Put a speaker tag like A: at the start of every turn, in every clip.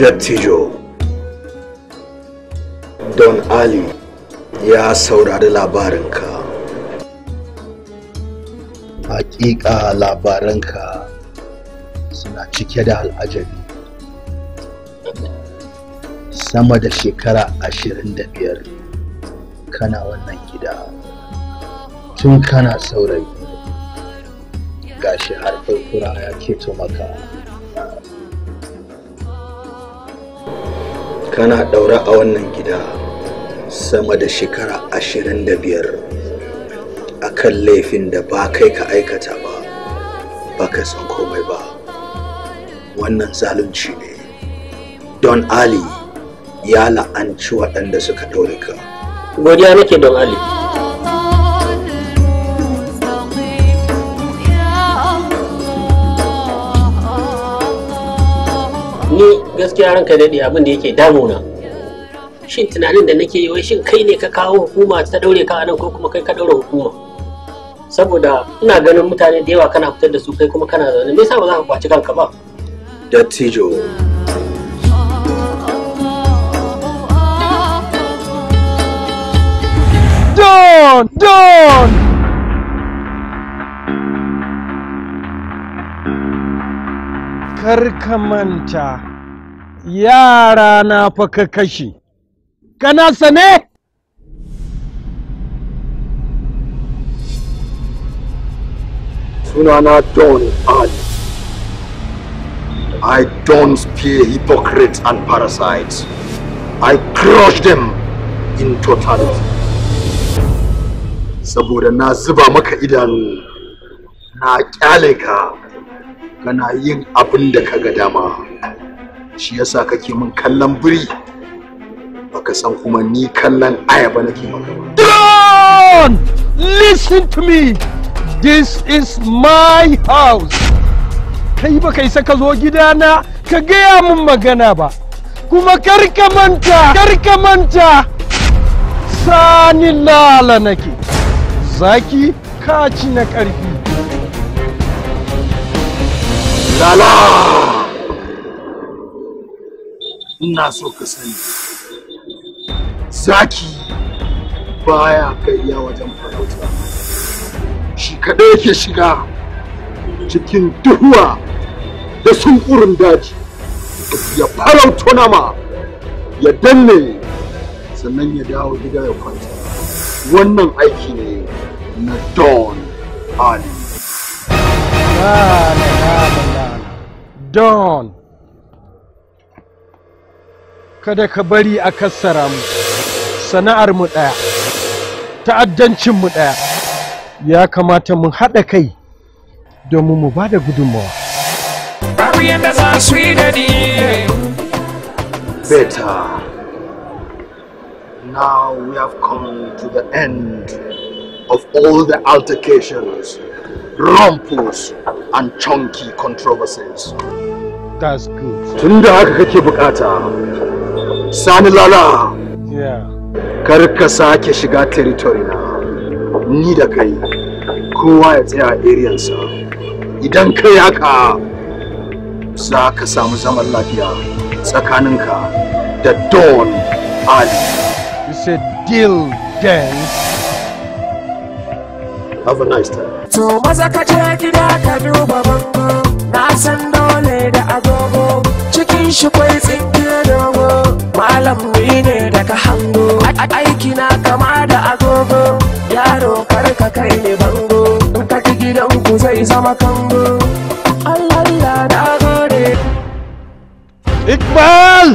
A: dattijo don ali ya saurari labarinka hakika labaranka suna cike da al'ajabi sama da shekara ashirin da biyar kana wannan gida tun kana saurayi gashi har kurkura ya keto maka kana ɗaura a wannan gida sama da shekara ashirin da biyar a kan laifin da ba kai ka aikata ba ba ka san komai ba wannan zalunci ne don ali ya la'anci waɗanda suka ɗaure ka godiya nake don ali
B: gaskiya ranka daɗe abin da yake damuna shin tunanin da nake yi wai shin kai ne ka kawo hukuma ta daure ka anan ko kuma kai ka daure hukuma saboda ina ganin mutane da yawa kana fitar da su kai kuma kana zaune me yasa ba za ka kwaci kanka ba dattijo
C: Don! Don! kar ka manta yara na faka ka kashe kana sane
D: sunana
A: don ali i don't spare hypocrites and parasites i crush them in totality saboda na zuba maka idanu na kyale ka kana yin abin da ka ga dama shi yasa kake min kallon biri baka san kuma ni kallon ayaba nake maka
C: Don! Listen to me! This is my house! Kai ba kai saka zo gidana ka gaya min magana ba, kuma karka manta, karka manta! Sani lala nake, zaki kaci na ƙarfi. Lala!
A: ina so ka sani zaki baya gayya wajen farauta shi kaɗai yake shiga
C: cikin duhuwa da sunkurin daji ya farauto nama ya danne
A: sannan ya dawo gida ya kwanta
C: wannan aiki
A: ne na don ali
C: don kada ka bari a kassara mu sana'ar ɗaya ta'addancin mu ɗaya ya kamata mu haɗa kai domin mu ba da gudunmawa
E: babu yadda za su yi da ni
A: beta now we have come to the end of all the altercations rumpus and chunky controversies
C: that's good tunda haka
A: kake bukata sani lala kar ka sake shiga territory na ni da kai kowa ya tsaya a sa idan kai haka za ka samu zaman lafiya tsakaninka
C: da don ali you said deal then Have a nice time.
E: To maza ka je gida ka
C: duba bango, na san dole da agogo, cikin shi kwai malam mene daga hango aiki na kama da agogo yaro karka kai ne bango in ka ji gidan ku zai zama kango
E: Allah Allah na gode
C: Iqbal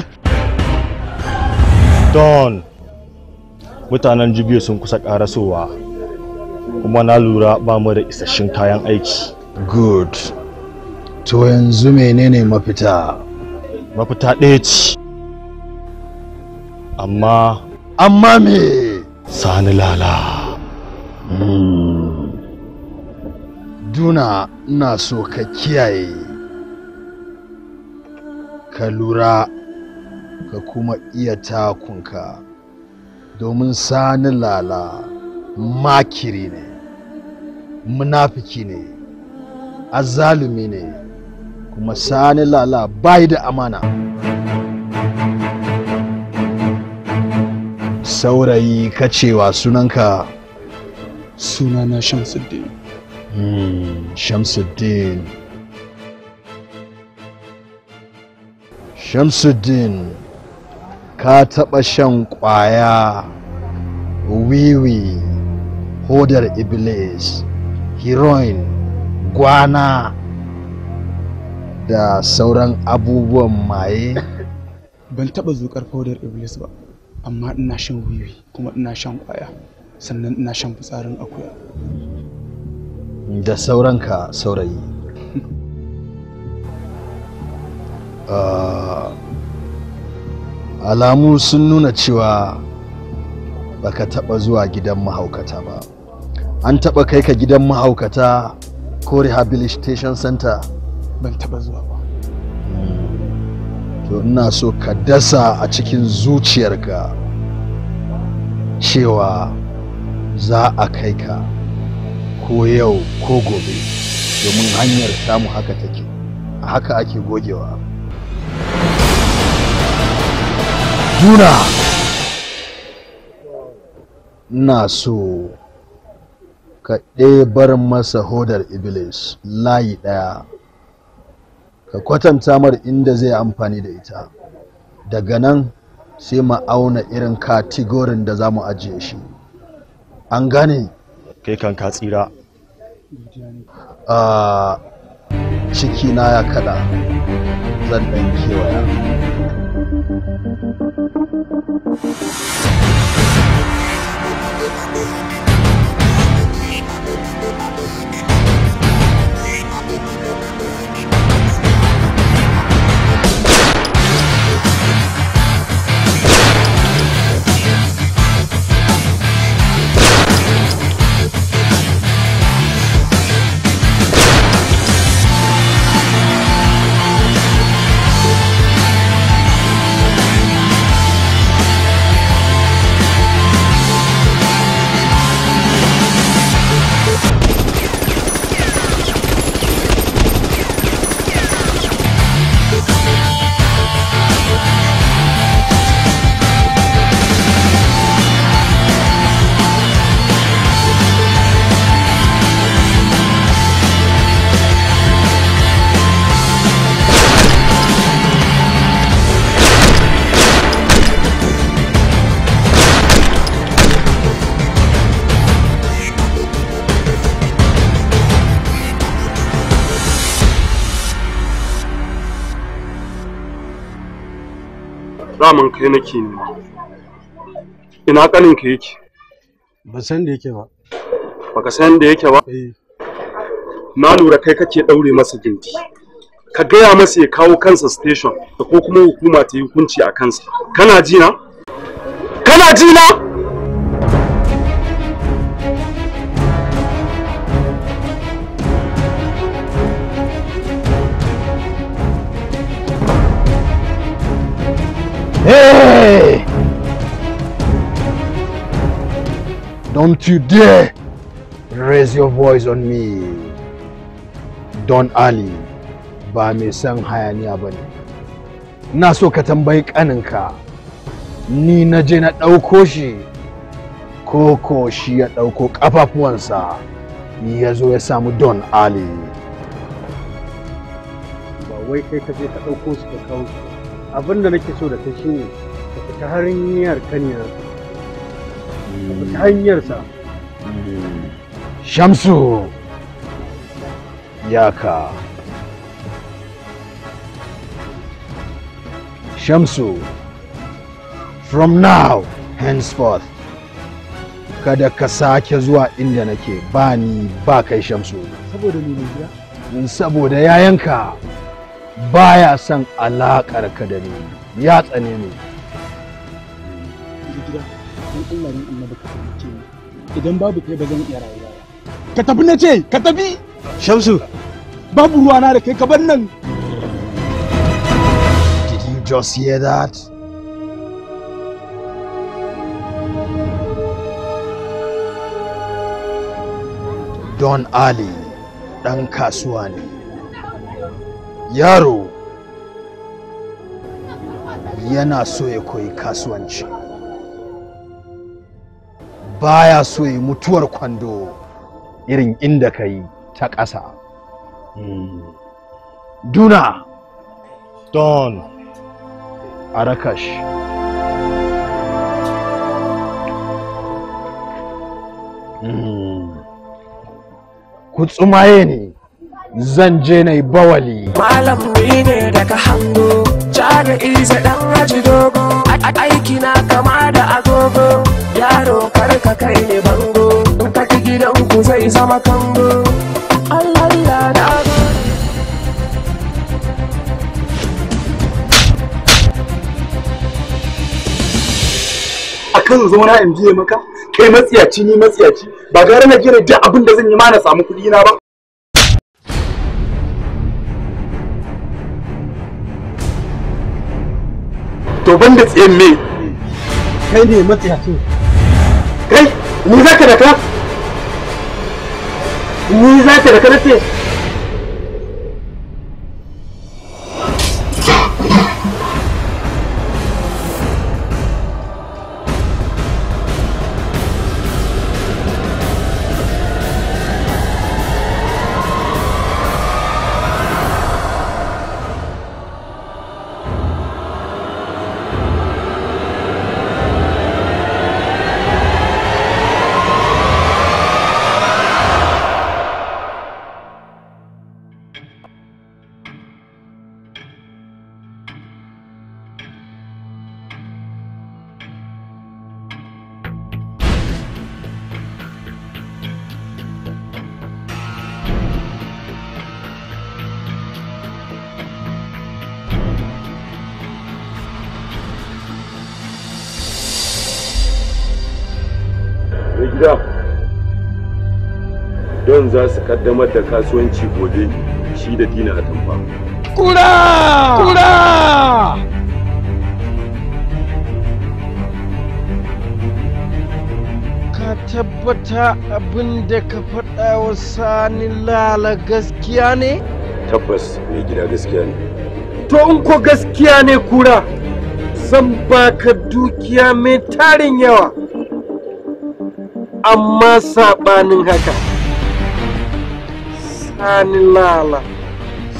A: Don mutanen jibiya sun kusa karasowa kuma na lura ba mu da isasshen kayan aiki good to yanzu menene mafita mafita ɗaya ce amma amma me sani lala hmm. duna ina so ka kiyaye ka lura ka kuma iya takunka domin sani lala makiri ne munafiki ne azalumi ne kuma sani lala bai da amana saurayi kacewa sunanka sunana shamsuddin hmm, shamsuddin shamsuddin ka taɓa shan ƙwaya wiwi hodar iblis heroin gwana da sauran abubuwan maye
D: ban taɓa zuƙar hodar iblis ba amma ina shan wiwi kuma ina shan kwaya sannan ina shan fitsarin akuya
A: da sauranka saurayi ah, alamu sun nuna cewa baka taba zuwa gidan mahaukata ba an taba kai ka gidan mahaukata ko rehabilitation center ban taba zuwa ba hmm. to ina so ka dasa a cikin zuciyarka cewa za a kai ka ko yau ko gobe domin hanyar samu haka take a haka ake gogewa juna na so ka ɗebar masa hodar iblis layi ɗaya ka kwatanta mar inda zai amfani da ita daga nan sai mu auna irin katigorin da za mu ajiye shi an gane kai kan ka tsira a ah, cikina ya kada zan ɗan kewaya
D: zaman kai nake nema ina kanin ka yake
C: ba san da yake ba
D: baka san da yake ba eh. na lura kai kake daure masa ginti. ka gaya masa ya kawo kansa station ko kuma hukuma ta yi hukunci a kansa kana jina kana jina
E: Hey!
F: Don't you
A: dare raise your voice on me. Don Ali ba mai son hayaniya ba ne. Na so ka tambayi ƙaninka, ni na je na ɗauko shi, ko shi ya ɗauko ƙafafuwansa ya zo ya samu Don Ali.
C: Ba wai kai ka je ka ɗauko abin da nake so da ta shi ne ka fita hanyar kaniya ka fita hanyarsa
A: shamsu yaka shamsu from now henceforth kada ka sake zuwa inda nake ba ni ba kai shamsu
D: saboda ni
A: ne saboda yayanka baya son alaƙar ka da ni ya
D: tsane ni idan babu kai ba zan iya rayuwa ka tafi na ce ka tafi shamsu
A: babu ruwa na da kai ka bar nan did you just hear that don ali dan kasuwa ne yaro yana so ya koyi kasuwanci baya so ya mutuwar kwando irin inda ka yi ta ƙasa hmm. duna don arakash hmm. kutsumaye ne zan je na yi bawali
E: malam wuri ne daga hango jaga iza dan haji dogo aiki na kama da agogo yaro karka kai ne
C: bango in ka gidan ku zai zama kango Allah
D: kan zo na in maka kai matsiyaci ni matsiyaci ba gare na gina duk abin da zan yi ma na samu kuɗi na ba ban da tsayen me kai ne matsiyaci kai ni za
E: ka da ka ni za ka da ka na ce
D: za su kaddamar da kasuwanci gobe shi da dina a tamfa.
E: Kura! Kura!
C: Ka tabbata abin da ka faɗa wa sani lala gaskiya ne?
D: Tabbas mai gida gaskiya ne. To in ko gaskiya ne kura,
C: zan baka dukiya mai tarin yawa. Amma saɓanin haka. sani lala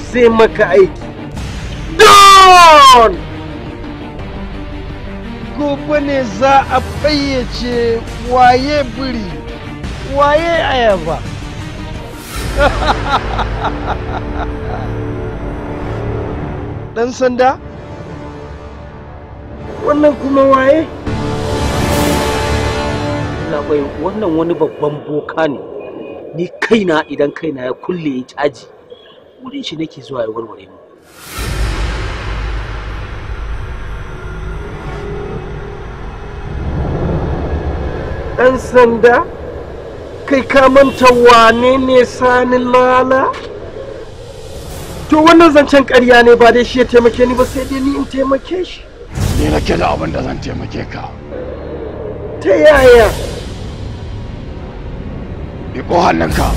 C: sai maka aiki don gobe ne za a fayyace waye biri waye ayaba dan sanda wannan kuma waye wannan wani babban boka ne ni kaina idan kaina ya kulle ya caji
B: wurin shi nake zuwa ya warware mu
C: ɗan sanda kai ka manta wane ne sani lala to wannan zancen ƙarya ne ba dai shi ya taimake ni ba sai dai ni in taimake shi
D: ni nake da abin da zan taimake ka
C: ta yaya Bohan lang kau.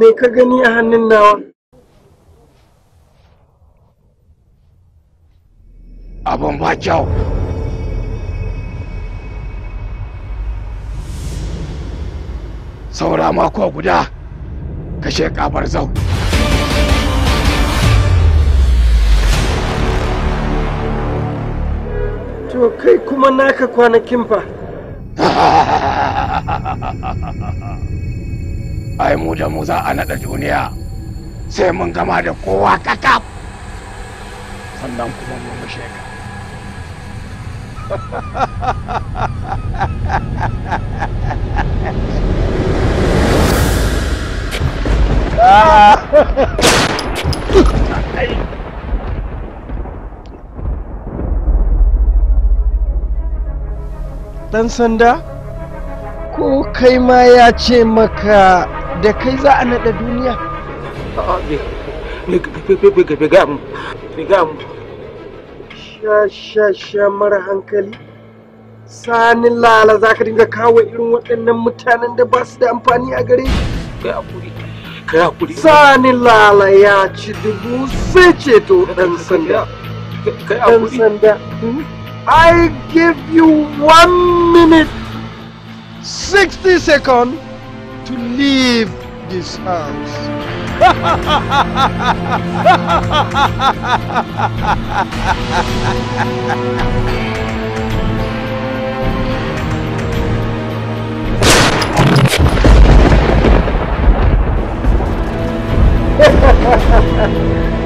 C: Me ka gani a hannun nawa? Abin ba kyau. saura mako guda kashe kabar zau to kai kuma naka kwanakin fa
D: ai mu da mu za a naɗa duniya sai mun gama da kowa kakaf sannan kuma mu mushe
C: ka ha ha ha
E: ha ha Dan
C: sanda? Ko kai ma ya ce maka da kai za a naɗa duniya? Sha sha hankali. sani lala za ka dinga kawo irin waɗannan mutanen da ba su da amfani a gare shi. Sani lala ya ci dubu sai ceto ɗan sanda. Ɗan sanda. I give you one minute, 60 seconds to leave this house. Ha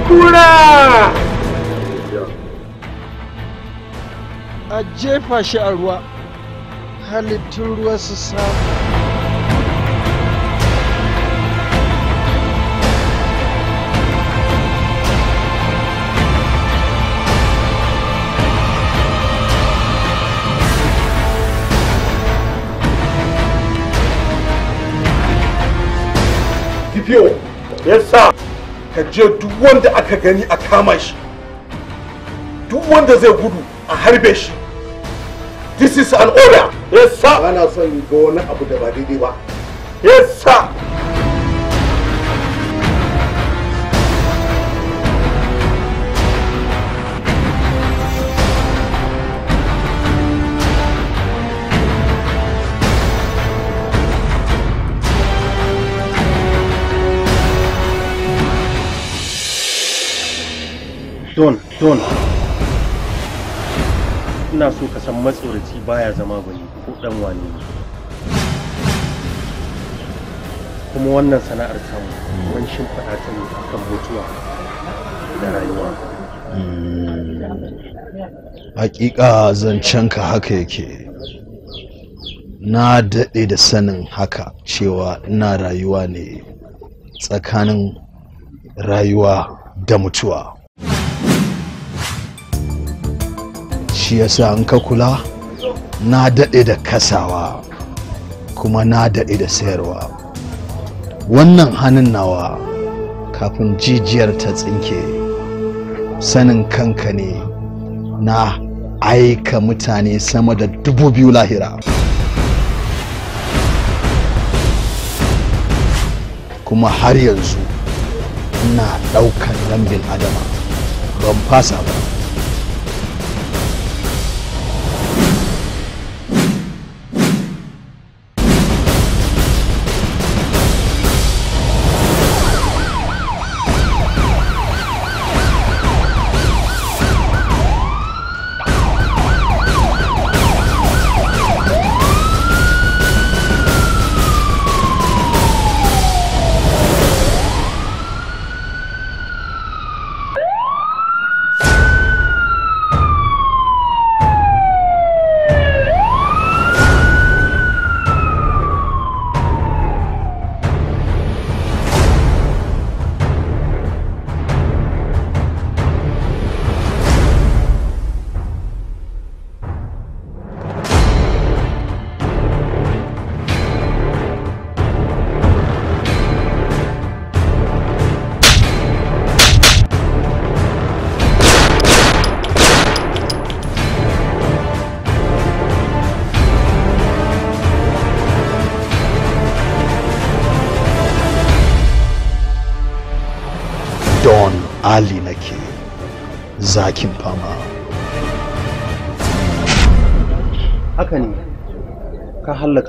E: kura
C: a jefa shi a ruwa halittun ruwa su samu
D: Pior, yasa ka je duk wanda aka gani a kama shi duk wanda zai gudu a harbe shi this is an order yasa ba na son ga wani abu da ba daidai ba yasa
F: don don
B: ina so ka san matsoraci baya zama gwani ko dan wane kuma wannan sana'ar samu shin fada ta ne akan mutuwa
E: da rayuwa
A: hmm. hakika zancen ka haka yake na daɗe da sanin haka cewa ina rayuwa ne tsakanin rayuwa da mutuwa shi yasa in ka kula na daɗe da kasawa kuma na daɗe da sayarwa wannan hannun nawa kafin jijiyar ta tsinke sanin kanka ne na aika mutane sama da dubu biyu lahira kuma har yanzu ina ɗaukan lambin adama ban fasa ba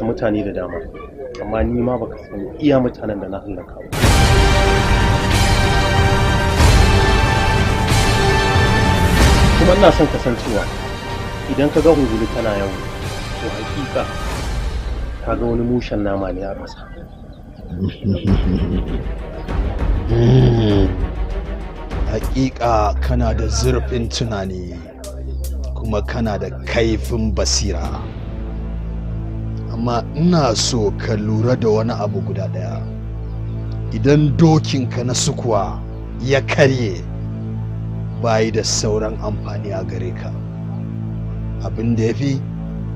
B: mutane da dama amma ni ma baka san iya mutanen da na halaka ba kuma ina son kasancewa idan ka ga hunguli tana yawo
E: to hakika
B: ka ga wani mushen nama ne
A: a ƙasa hakika kana da zurfin tunani kuma kana da kaifin basira amma ina so ka lura da wani abu guda ɗaya idan dokinka na sukuwa ya karye bayi da sauran amfani a gare ka abin da ya fi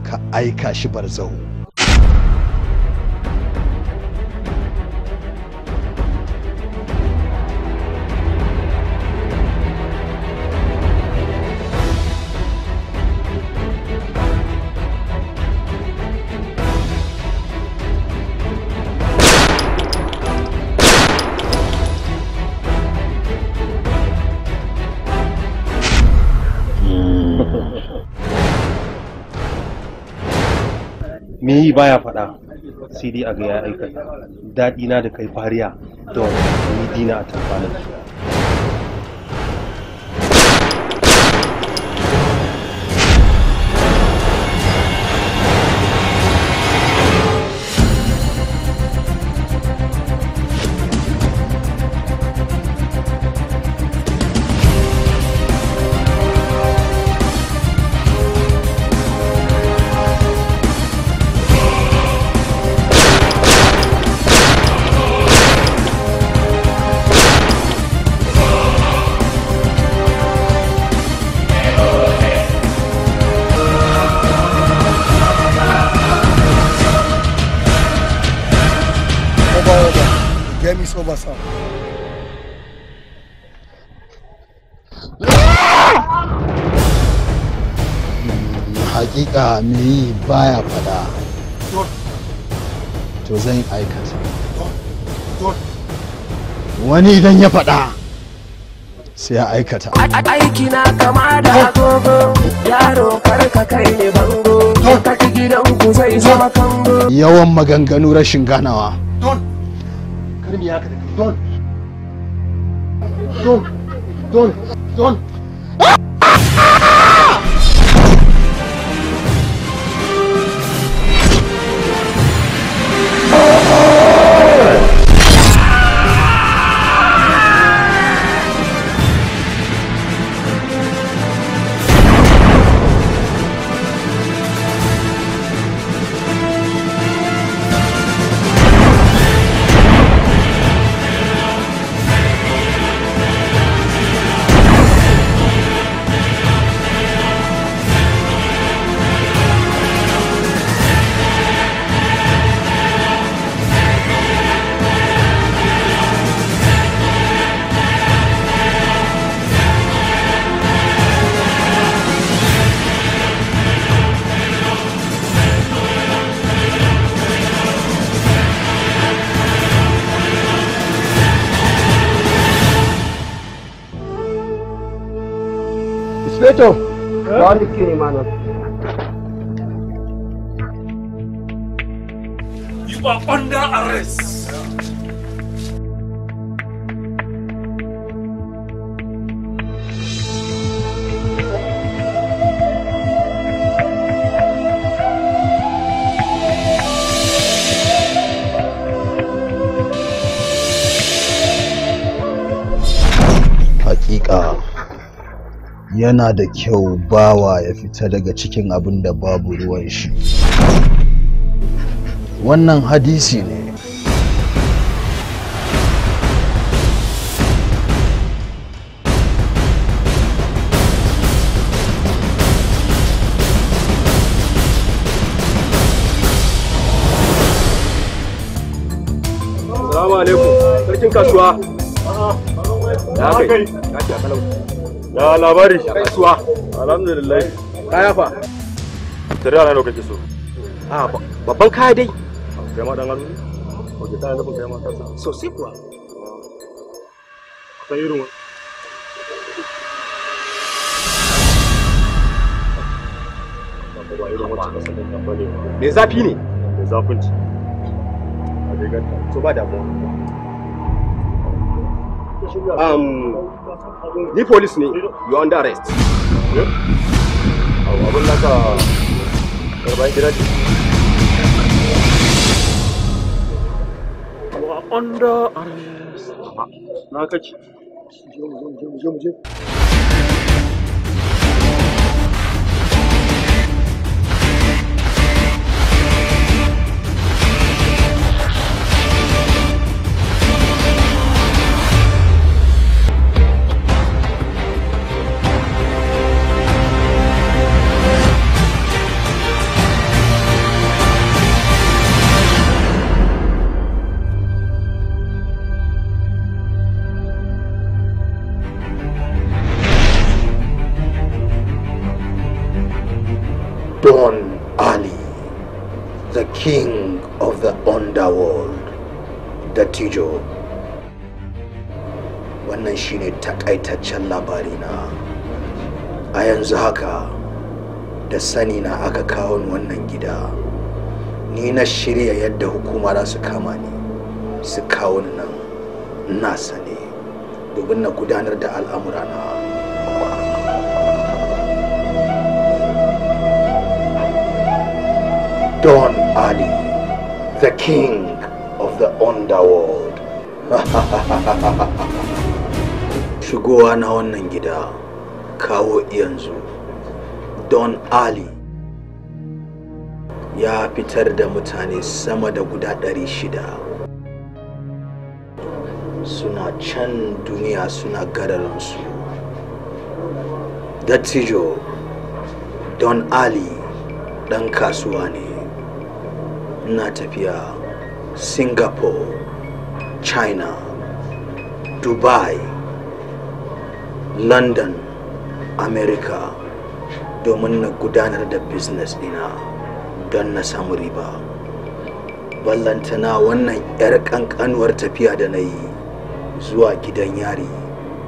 A: ka aika shi barzahu
B: baya faɗa sai dai a ga ya aikata daɗina da kai fariya don ni dina a tamfanin
A: baya fada to zan aikata wani idan ya fada sai ya aikata
C: aiki na kama da agogo yaro karka kai ne bango kaki gidan ku zai zama
A: kango yawan maganganu rashin ganawa
C: don karmi ya ka don don don don
A: yana da kyau bawa ya fita daga cikin abin da babu ruwan shi wannan hadisi ne
C: Salamu alaikum, sarkin kasuwa. Ya kai, ya kai Ya labari. Kasuwa. Alhamdulillah. Kaya fa. Tare ana lokaci so. a babban kaya dai. Kai ma dan azumi.
B: Oke ta nufin kai ma kasa. So sai kuwa.
F: Akwai irin Me zafi ne? Me zafin ci.
A: A dai ganta. To ba damuwa.
E: Um,
D: Ni police ne. You are under arrest. Eh? Abu abin naka karban gida ce. under arrest. Na kaci. Je mu je mu je mu je mu je.
A: Don Ali, the king of the underworld, the Tijo. Wannan shine takaitaccen labarina. A yanzu haka, da sani na aka kawo wannan gida. Ni na shirya yadda hukuma za su kama ni, su kawo nan na sane, domin na gudanar da al'amurana. Don Ali, the king of the underworld. Shigowa na wannan gida kawo yanzu Don Ali ya fitar da mutane sama da guda ɗari shida. Suna can duniya suna gararinsu. Dattijo Don Ali ɗan kasuwa ne. ina tafiya singapore china dubai london america domin na gudanar da business dina don na samu riba ballantana wannan 'yar kankanuwar tafiya da na yi zuwa gidan yari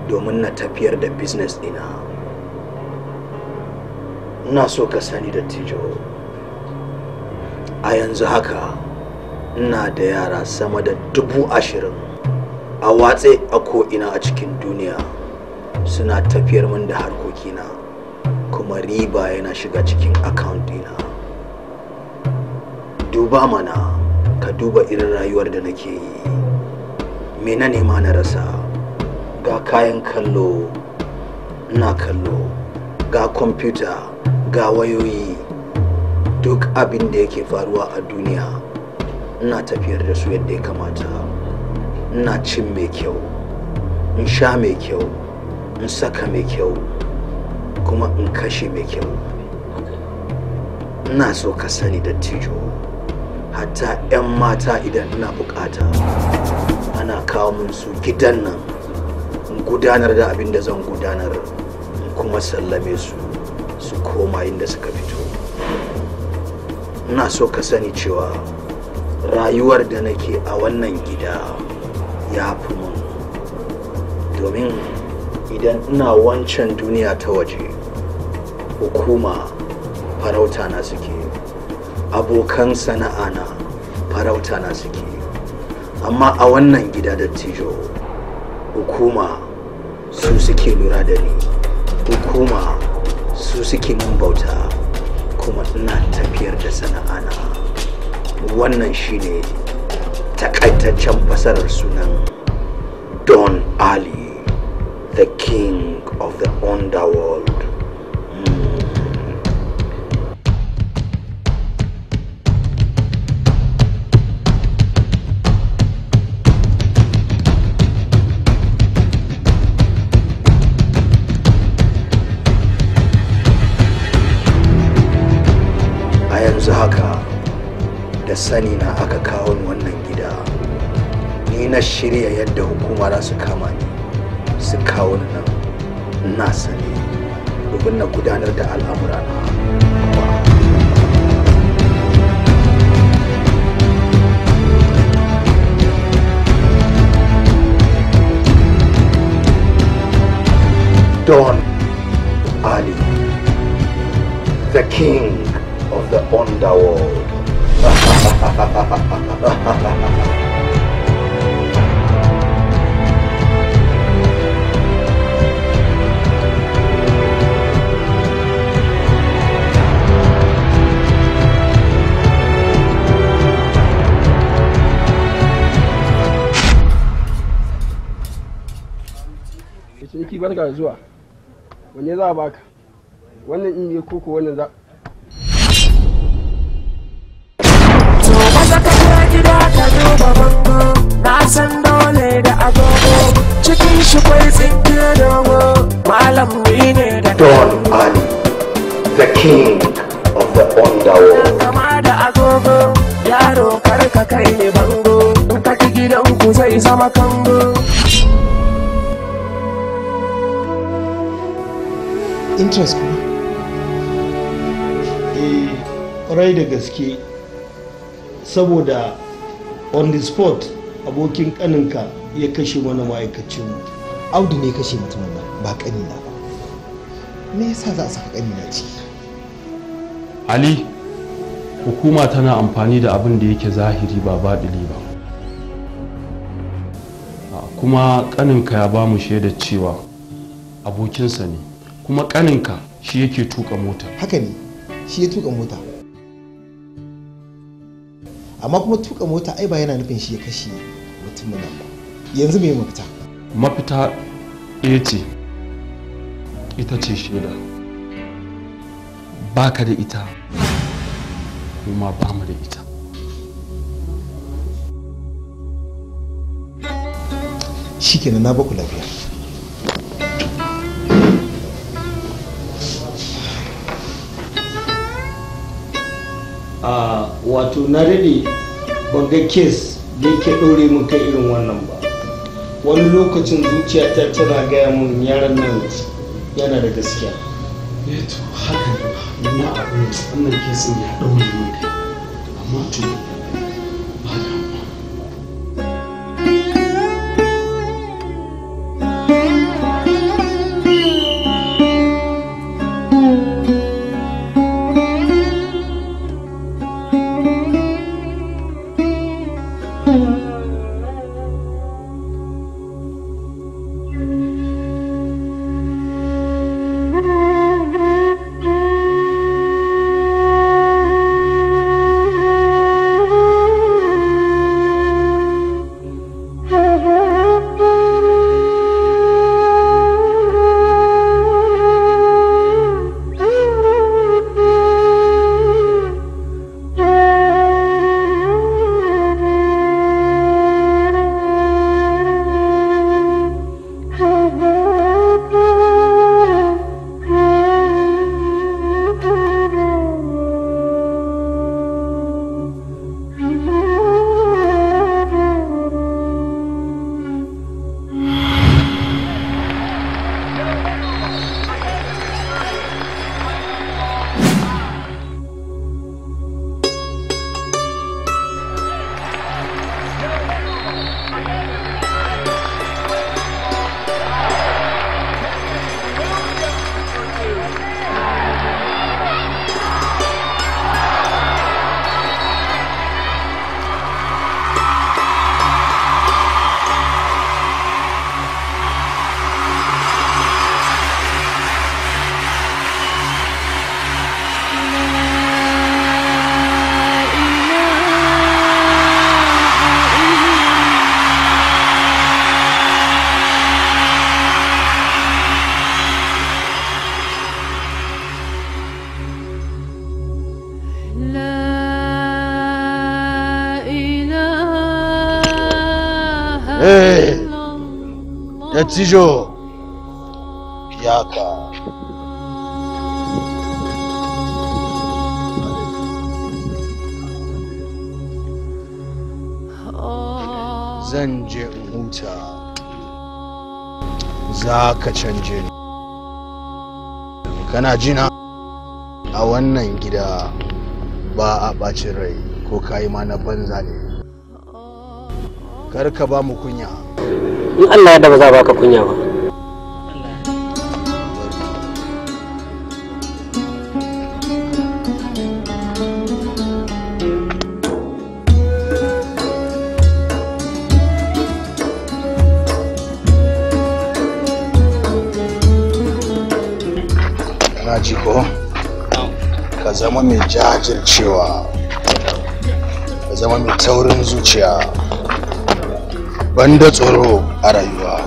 A: domin na tafiyar da business dina ina so ka sani da tijo a yanzu haka ina da yara sama da dubu ashirin a watse a ko'ina a cikin duniya suna tafiyar min da harkokina kuma riba yana shiga cikin account dina duba mana ka duba irin rayuwar da nake yi me ne ma na rasa ga kayan kallo ina kallo ga kwamfuta ga wayoyi duk abin da yake faruwa a duniya ina tafiyar da su yadda ya kamata ina cin mai kyau in sha mai kyau in saka mai kyau kuma in kashe mai kyau ina so ka sani da tijo hatta 'yan mata idan ina bukata ana kawo min su gidan nan in gudanar da abin da zan gudanar kuma sallame su su koma inda suka fito ina so ka sani cewa rayuwar da nake a wannan gida ya fi mun domin idan ina wancan duniya ta waje hukuma farauta na suke abokan sana'a na farauta na suke amma a wannan gida da tijo hukuma su suke lura da ni hukuma su suke min bauta kuma ina tafiyar da sana'a na wannan shine takaitaccen fasarar sunan don ali the king of the underworld sani na aka kawo wannan gida ni na shirya yadda hukuma za su kama ni su kawo ni nan na sani domin na gudanar da al'amura na Don Ali, the king of the underworld.
C: barka zuwa wanne za a baka wannan in ne koko wannan za
E: bango na san dole da agogo cikin shi kwai tsinke
C: dogo malam ni ne da don ali the king
A: of the underworld
E: kama da agogo yaro karka kai ne bango
C: in gidan ku zai zama kango interest kuma
B: eh kwarai da gaske saboda on the spot abokin kaninka ya kashe wani ma'aikacin mu audu ne kashe mutumin nan ba kanina ba me yasa za a saka kanina ciki
D: ali hukuma tana amfani da abin da yake zahiri ba baɗili ba kuma kaninka ya ba mu shaidar cewa abokinsa ne kuma kaninka shi yake tuka mota haka ne shi
B: ya tuka mota amma kuma tuka mota ai ba yana nufin shi ya kashe mutumin nan ba yanzu me mafita
D: mafita ɗaya ce ita ce shaida ba ka da ita kuma ba mu da ita
B: kenan na baku lafiya a wato na rabe ban ga kes da yake ɗore mun kai irin wannan ba wani lokacin ta tana gaya mun yaran nan yana da gaskiya
E: eh to haka
D: ne amma abin wannan kesin ya ɗaure mun kai amma to
A: Sijo Yaka. Zan je in huta za ka canje ni. Kana jina a wannan gida ba a ɓacin rai ko kayi ma na banza ne. Kar ka ba kunya. in Allah ya da ba za baka kunya ba Raji jiko Ka zama mai jajircewa, ka zama mai taurin zuciya. banda tsoro a rayuwa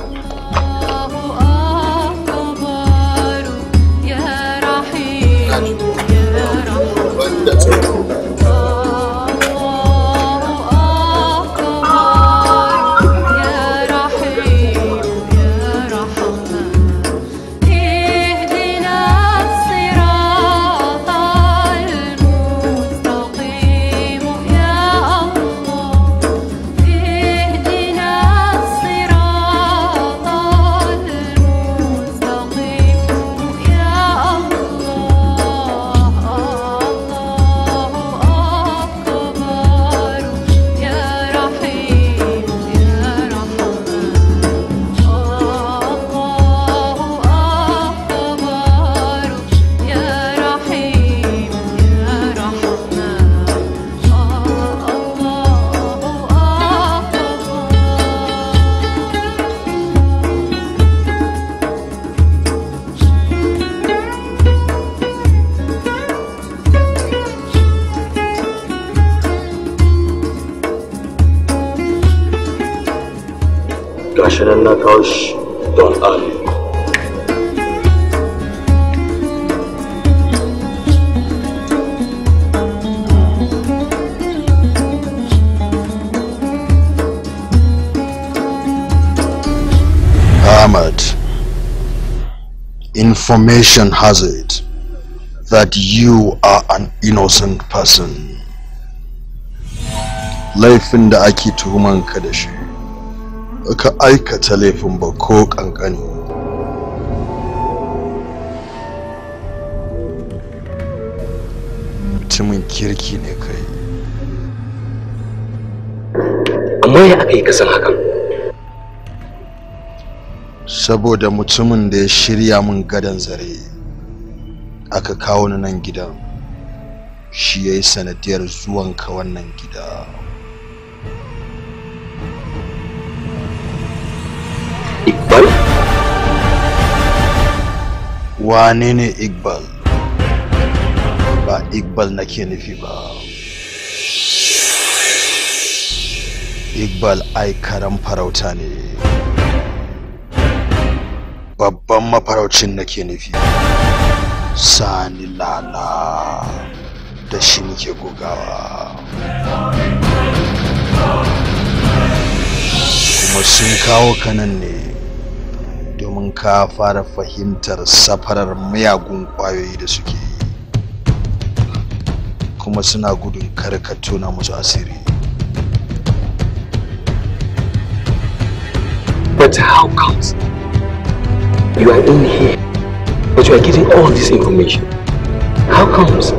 A: Ahmad, information has it that you are an innocent person. Laifin the Aki to human shi ka aikata laifin ba ko kankani mutumin kirki ne kai
E: amma ya aka yi kasan hakan
A: saboda mutumin da ya shirya min gadon zare aka kawo ni nan gidan shi ya yi sanadiyar zuwanka wannan gida wane ne iqbal ba iqbal nake nufi ba Igbal aikaran farauta ne babban mafaraucin nake nufi sani lala da shi ke gogawa kuma sun kawo kanan ne domin ka fara fahimtar safarar miyagun kwayoyi da suke yi kuma suna gudun kar ka tona musu asiri But how comes you are in here but you are getting all this information? How comes?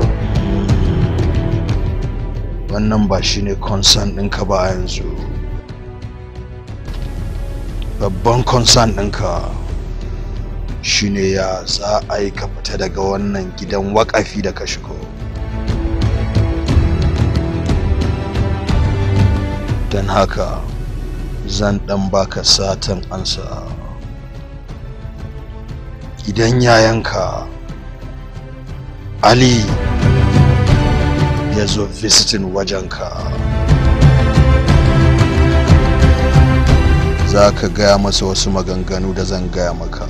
A: Wannan ba shine concern ɗinka ba yanzu. babban concern ɗinka shine ya za a yi ka fita daga wannan gidan wakafi da ka shigo don haka zan ɗan baka satan ansa idan yayanka ali ya zo visitin wajenka za ka gaya masa wasu maganganu da zan gaya maka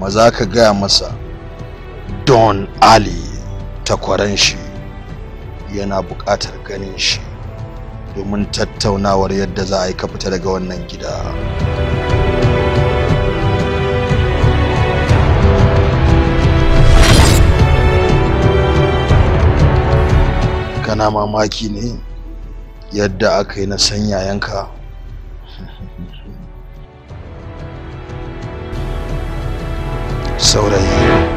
A: ma za ka gaya masa don ali takwaran shi yana buƙatar ganin shi domin tattaunawar yadda za a yi ka fita daga wannan gida kana mamaki ne yadda aka yi na sanyayenka saurayi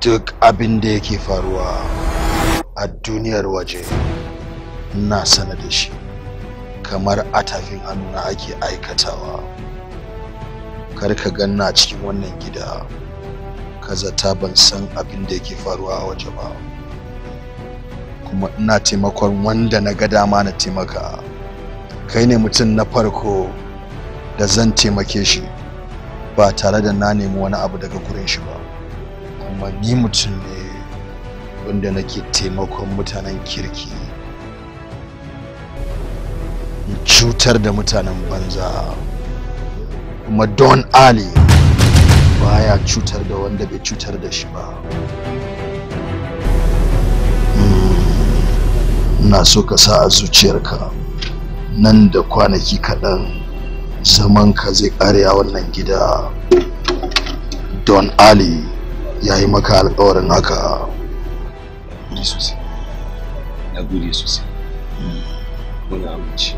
A: duk abin da yake faruwa a duniyar waje na sana da shi kamar a tafin hannuna ake aikatawa kar ka ganna cikin wannan gida ka zata ban san abin da yake faruwa a waje ba kuma ina taimakon wanda na ga dama na taimaka kai ne mutum na farko da zan taimake shi ba tare da na nemi wani abu daga gurin shi ba kuma ni mutum ne wanda nake taimakon mutanen kirki cutar da mutanen banza kuma don ali baya cutar da wanda bai cutar da shi ba hmm. na so ka sa a zuciyarka nan da kwanaki kaɗan zaman ka zai kare a wannan gida don ali ya yi maka alkawarin haka na gode sosai wani amince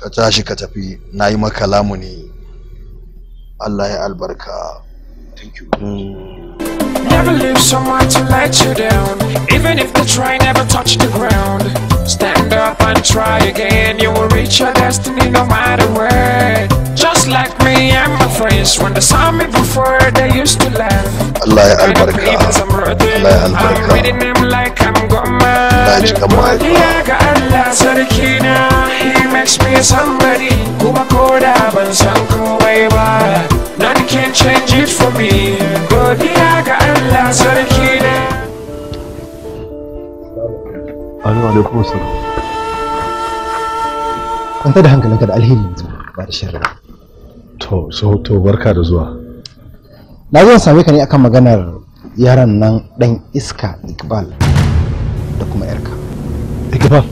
A: ka tashi ka tafi na yi maka lamuni allah ya albarka thank you mm.
C: Never leave someone to let you down Even if the try never touch the ground Stand up and try again You will reach your destiny no matter where Just like me and my friends When they saw me before they used to laugh
E: Allah al i Allah Al-Barakah I'm reading them like I'm gone mad Allah He makes me somebody ba
C: can't change it for me
E: godiya ga Allah sarki ne
F: Assalamu alaikum salam kwanta da hankalinka da alheri yanzu ba da sharri to so to barka da zuwa na zo same ka
B: ne akan maganar yaran nan dan iska Iqbal da kuma yarka
F: Iqbal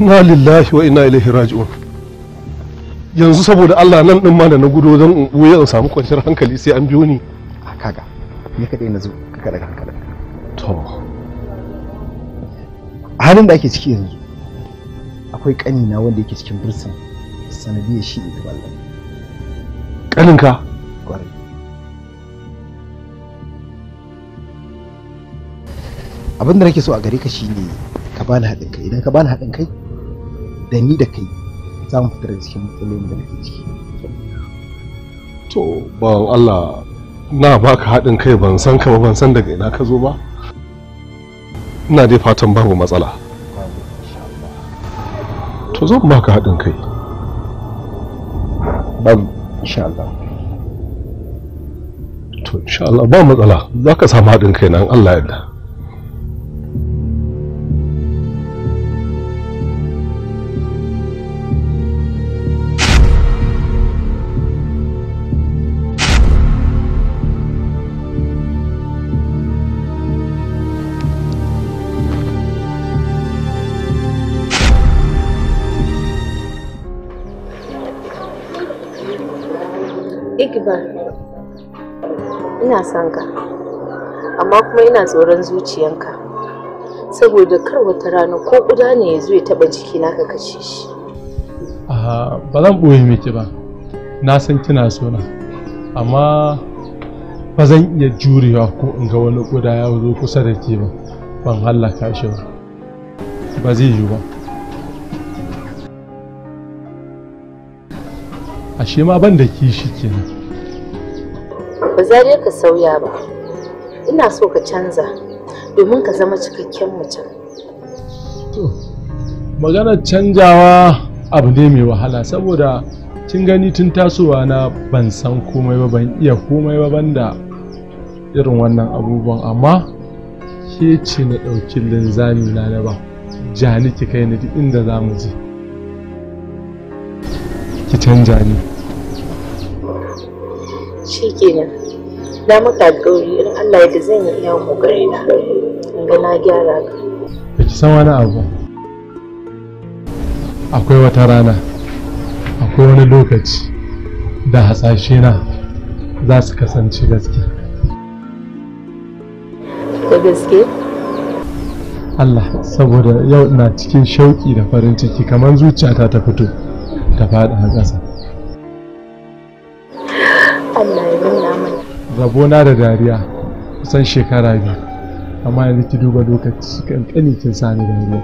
F: inna lillahi wa inna ilaihi raji'un yanzu saboda Allah nan din ma da na gudo zan in buye in samu kwanciyar hankali sai an biyo ni a kaga ni kadai na zo ka kada hankali to
B: halin da ake ciki yanzu akwai na wanda yake cikin bursin sanadiyar shi ne da Allah kaninka kwarai abin da nake so a gare ka shine ka bani haɗin kai idan ka bani haɗin kai da ni da kai
F: za mu fita da cikin matsalolin da nake ciki to ba Allah na baka haɗin kai ban san ka ba ban san daga ina ka zo ba ina dai fatan babu matsala to zan baka haɗin kai ban insha Allah to insha Allah ba matsala za ka samu haɗin kai nan Allah yadda
B: ina son ka amma kuma ina tsoron zuciyanka saboda kar wata rana ko guda ne ya zo ya taba jikina ka kashe shi
D: ba zan ɓoye miki ba na san kina so amma ba zan iya jurewa ko in ga wani kuda ya zo kusa da ke ba ban hallaka shi ba ba zai yi ba ashe ma ban da kishi kenan
B: ba za dai ka sauya ba ina so ka canza domin ka zama cikakken
D: mutum magana maganar canjawa abu ne mai wahala saboda kin gani tun tasowa na ban san komai ba ban iya komai ba banda irin wannan abubuwan amma ke ce na ɗauki linzami na na ba ja ni ki kai ni inda za mu je ki canja
E: ni shi
B: kenan na maka alƙawari idan Allah ya zan yi iya kokari na in ga na gyara
D: ka ki san wani abu akwai wata rana akwai wani lokaci da hasashe na za su kasance gaske da gaske Allah saboda yau ina cikin shauƙi da farin ciki kamar zuciyata ta fito ta faɗa a ƙasa rabona da dariya kusan shekara biyu amma yanzu ki duba lokaci kankani kin sani dariya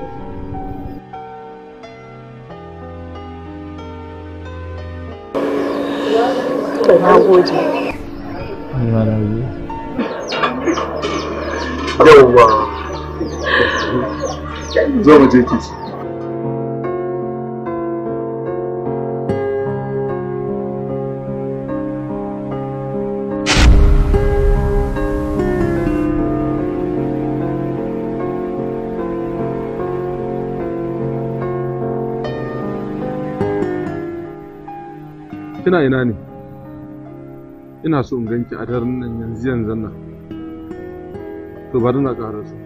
D: zo mu je kici Ina ina ne ina so in ganki a daren nan yanzu yanzu nan to bari na ƙara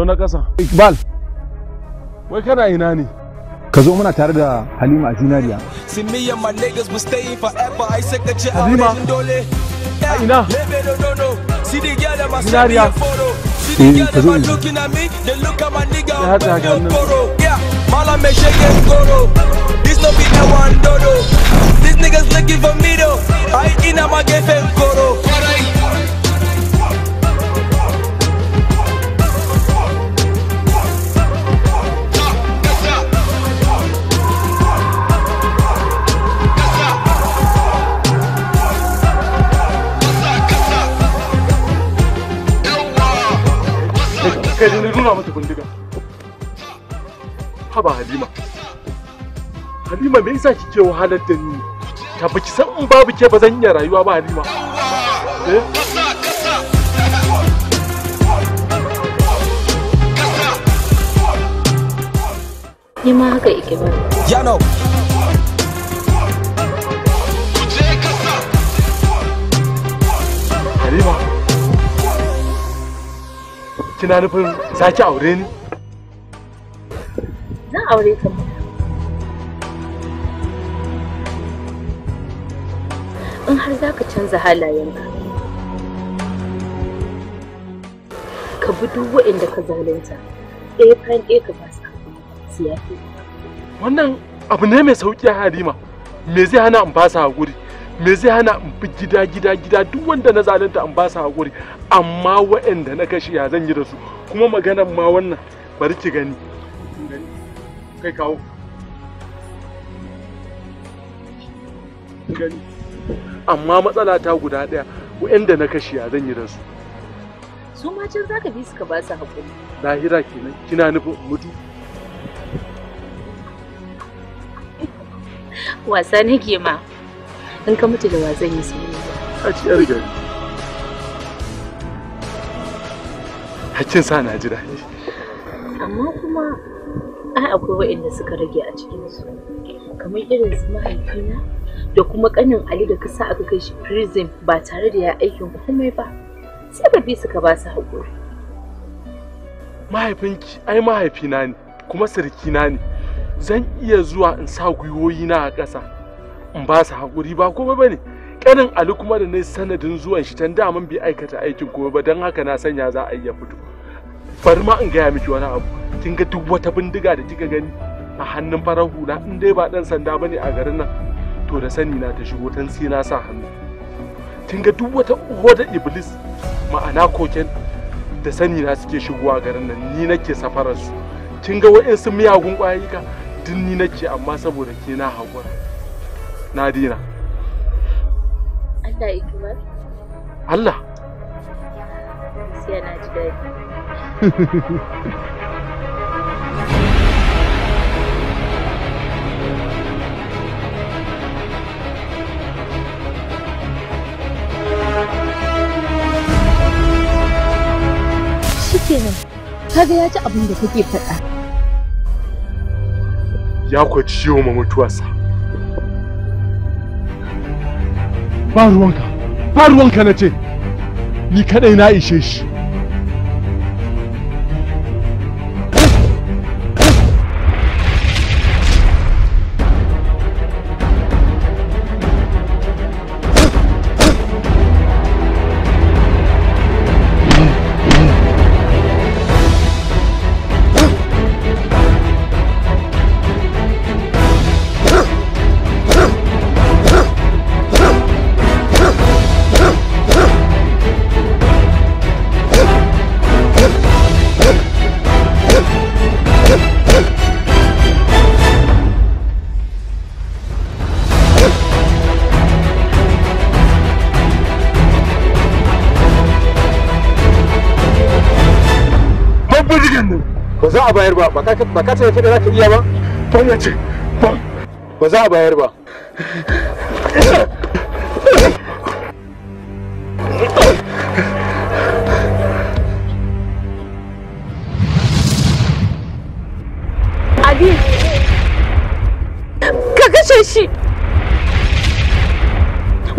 D: zo na ƙasa. Iqbal. Wai kana ina ne? Ka zo muna tare da Halima a Zinariya. Halima. A ina? Zinariya. Eh, ka zo a kai nuna mata bindiga halima me yasa kike wahalar da ni ta baki in babu ke rayuwa ba halima eh? ma haka ike ba halima kina nufin saki aure ni
B: zan aure ka in har za ka canza halayenka ka bi duk da ka zalunta ɗaya bayan ɗaya ka ba su
D: siyafi wannan abu ne mai sauƙi a halima me zai hana in ba su haƙuri me zai hana in fi gida gida gida duk wanda na zalunta in ba su haƙuri amma waɗanda na kashe ya zan yi da su kuma maganar ma wannan bari ki gani kai kawo amma matsala ta guda ɗaya waɗanda na kashe ya zan yi da su
B: su ma can za ka bi su ka ba su haƙuri
D: lahira kenan kina nufin mutu
B: wasa nake ma An ka mutu da wa zan yi soyayya
D: a ciyar gari hakkin sa na ji daɗi
B: amma kuma ai akwai waɗanda suka rage a cikin su kamar irin su mahaifina da kuma kanin Ali da kasa aka kai shi prison ba tare da ya aikin komai ba sai ka bi su ka ba su haƙuri
D: mahaifinki ai mahaifina ne kuma Sarkina ne zan iya zuwa in sa gwiwoyi na a ƙasa in ba su haƙuri ba ba bane kanin ali kuma da na sanadin zuwan shi tan daman bai aikata aikin kuma ba dan haka na sanya za a iya fito bari ma in gaya miki wani abu kin ga duk wata bindiga da kika gani a hannun farar hula in dai ba dan sanda bane a garin nan to da sani na ta shigo tan sai na sa hannu kin ga duk wata iblis ma'ana koken da sani na suke shigowa garin nan ni nake safarar su kin ga wa'in su miyagun ƙwayoyi duk ni nake amma saboda ke na haƙura na dina
E: Allah kuma? Allah sai na ji daɗi
B: kaga ya ci abin da kake faɗa
D: ya kwa ciwo ma mutuwarsa ba ruwanka ba ruwanka na ce ni kadai na ishe shi ba ka tafi da za zaka iya ba ba na ce ba ba za a bayar ba Ali
E: ka kashe shi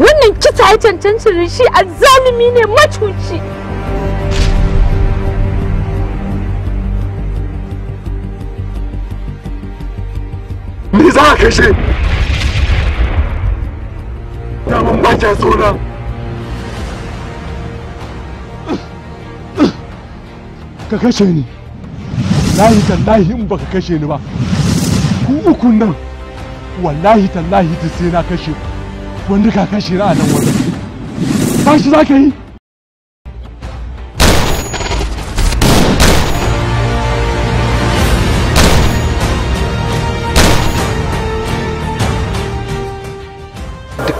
E: wannan kisa ya cancanci shi a zalimi ne macuci kashe daman ba kya
D: ka kashe ni lahi tallahi in baka kashe ni ba ku ukun nan wallahi tallahi ta sai na kashe wanda ka kashe na nan wani
E: ba shi za ka yi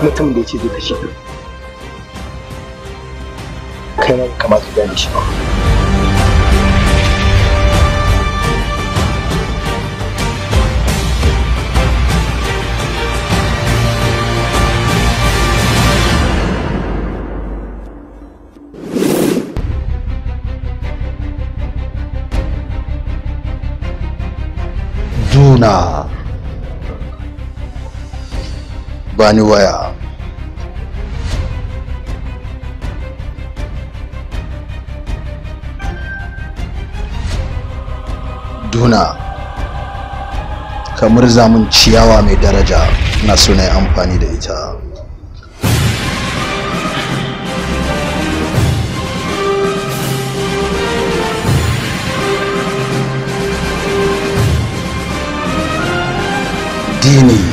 B: mutum da ya ce zai kashe
F: ka kai ma kamata gane shi ba
A: Juna. bani waya duna kamar zamun ciyawa mai daraja na suna amfani da ita dini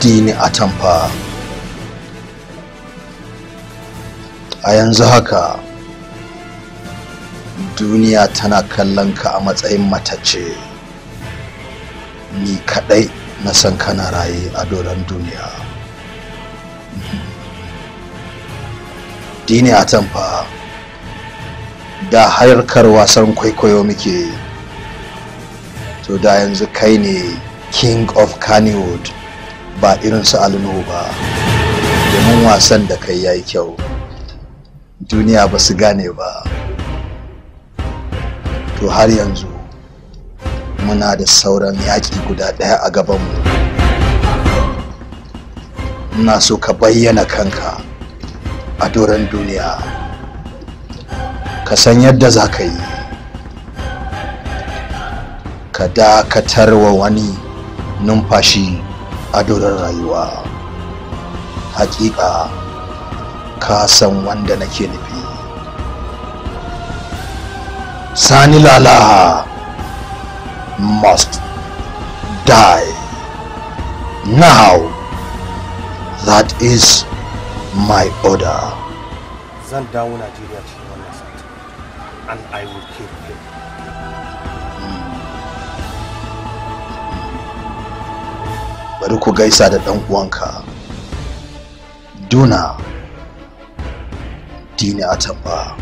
A: dini atamfa a yanzu haka duniya tana kallon ka a matsayin matace ni kadai na san kana raye a doron duniya dini a tamfa. da harkar wasan kwaikwayo muke to da yanzu kai ne king of kannywood ba irin su alino ba domin wasan da kai yayi kyau duniya ba su gane ba to har yanzu muna da sauran yaƙi guda ɗaya a gabanmu muna so ka bayyana kanka a doron duniya ka san yadda za ka yi ka dakatar wa wani numfashi a doron rayuwa hakika ka san wanda nake nufi Sani Lalaha must die. Now, that is my order.
C: Zan dawo Najeriya cikin wannan sati
A: and I will kill him. Bari ku gaisa da ɗan uwanka. Duna, Dini Atamba.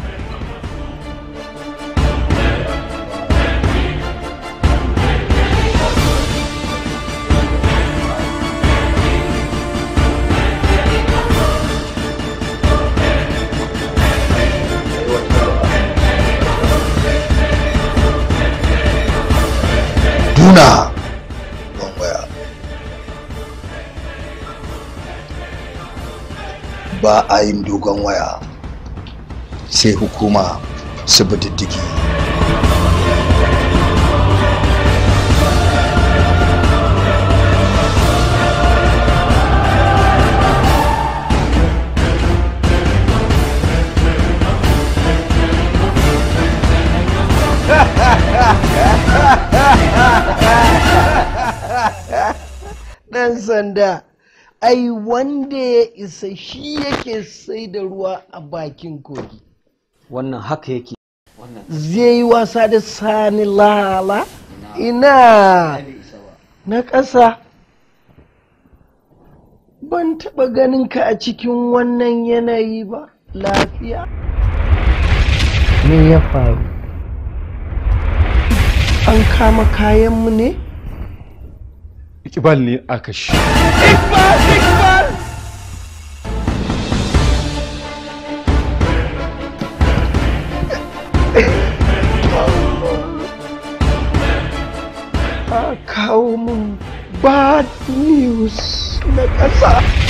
A: zauna waya ba a yin dogon waya sai hukuma su bi diddigi
C: ɗan sanda ai wanda ya isa shi yake sai da ruwa a bakin kogi wannan haka yake zai yi wasa da sani lala ina na ƙasa ban taɓa ganin ka a cikin wannan yanayi ba lafiya me ya faru an kama kayanmu ne?
D: Iqbal ne aka shi. Iqbal! Iqbal!
C: kawo mun bad news
E: na ƙasa.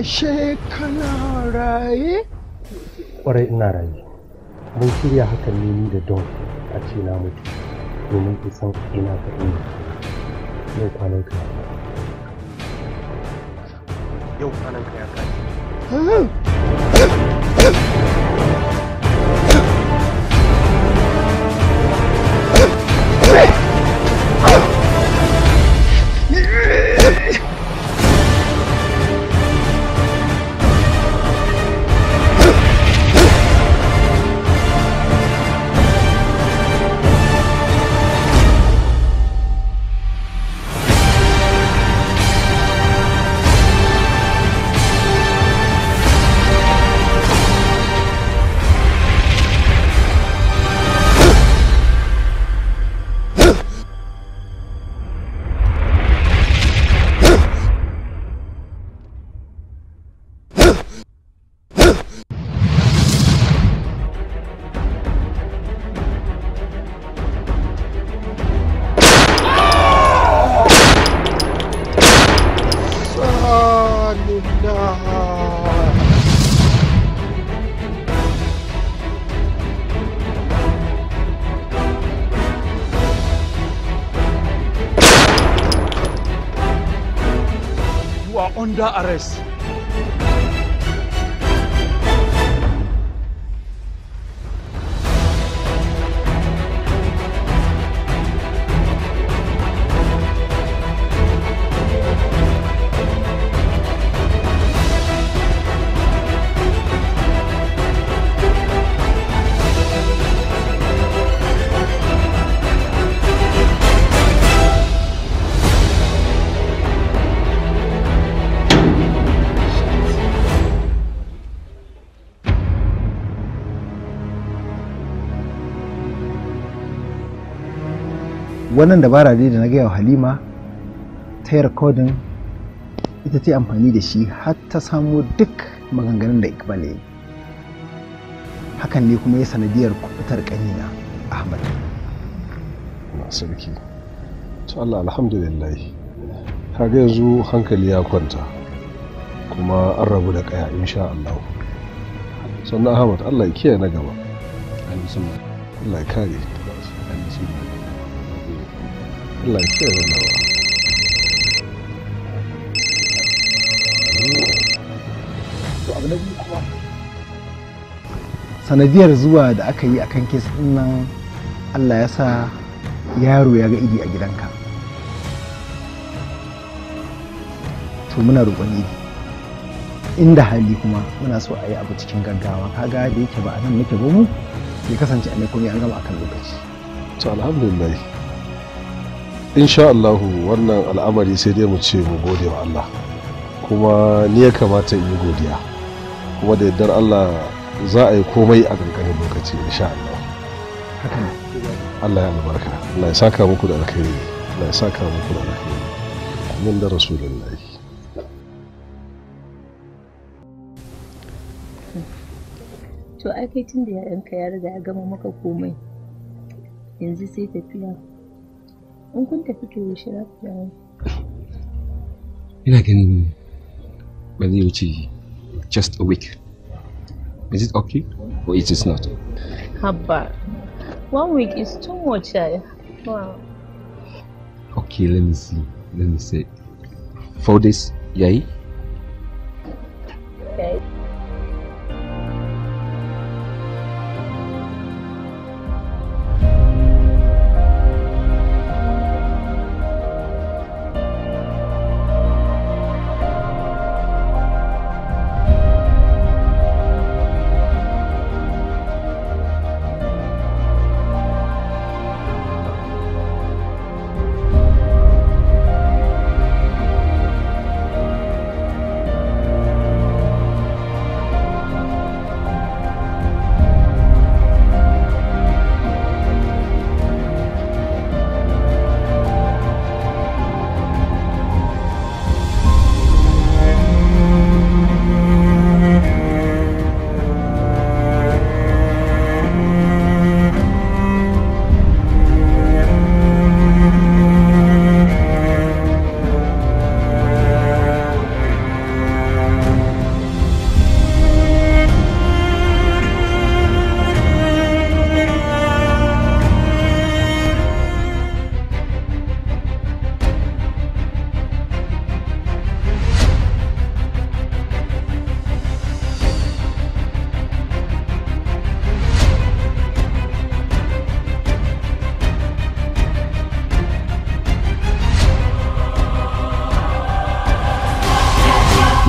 C: ashe kana raye
B: kwarai ina raye mun shirya hakan ne ni da don a ce na mutu domin ku san ina ka ina yau kwanan ka ya kai.
C: yau kwanan ka ya kai
D: under arrest.
B: wannan dabara dai da na gaya wa halima ta yi rikodin ita ta yi amfani da shi har ta samo duk maganganun da iqbal ya hakan ne kuma ya sanadiyar kubutar kanina ahmad
F: sarki to allah alhamdulillah kaga yanzu hankali ya kwanta kuma an rabu da kaya insha allah sannan ahmad allah ya kiyaye na gaba allah ya kare
B: sanadiyar zuwa da aka yi akan kes nan Allah ya sa yaro ya ga idi a gidanka to muna roƙon idi inda hali kuma muna so a yi abu cikin gaggawa kaga da yake ba a nan muke gomu ya kasance a mai komai an gama akan lokaci
F: to alhamdulillah insha Allahu wannan al'amari sai dai mu ce mu gode wa Allah kuma ni ya kamata in yi godiya kuma da yardar Allah za a yi komai a ƙanƙanin lokaci insha Allah Allah ya albarka Allah ya saka muku da alkhairi Allah ya saka muku da alkhairi amin da rasulullahi
B: to ai kai tun da ya ya riga ya gama maka komai yanzu sai tafiya I'm going to yaushe za up dawo? Then ganin ba zai wuce just a week. Is it okay or it is not? bad? one week is too much. I... Wow. Okay, let me see. Let me see. Four days, yay? Okay.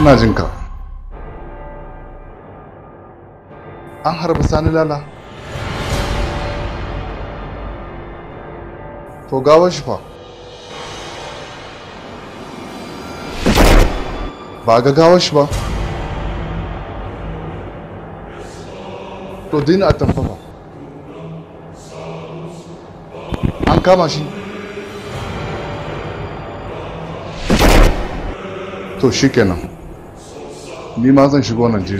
F: ina jin ka an harba sani lala to gawar shi fa ba ga gawar shi ba to dina a tamfafa an kama shi to kenan. 你马上去给我弄几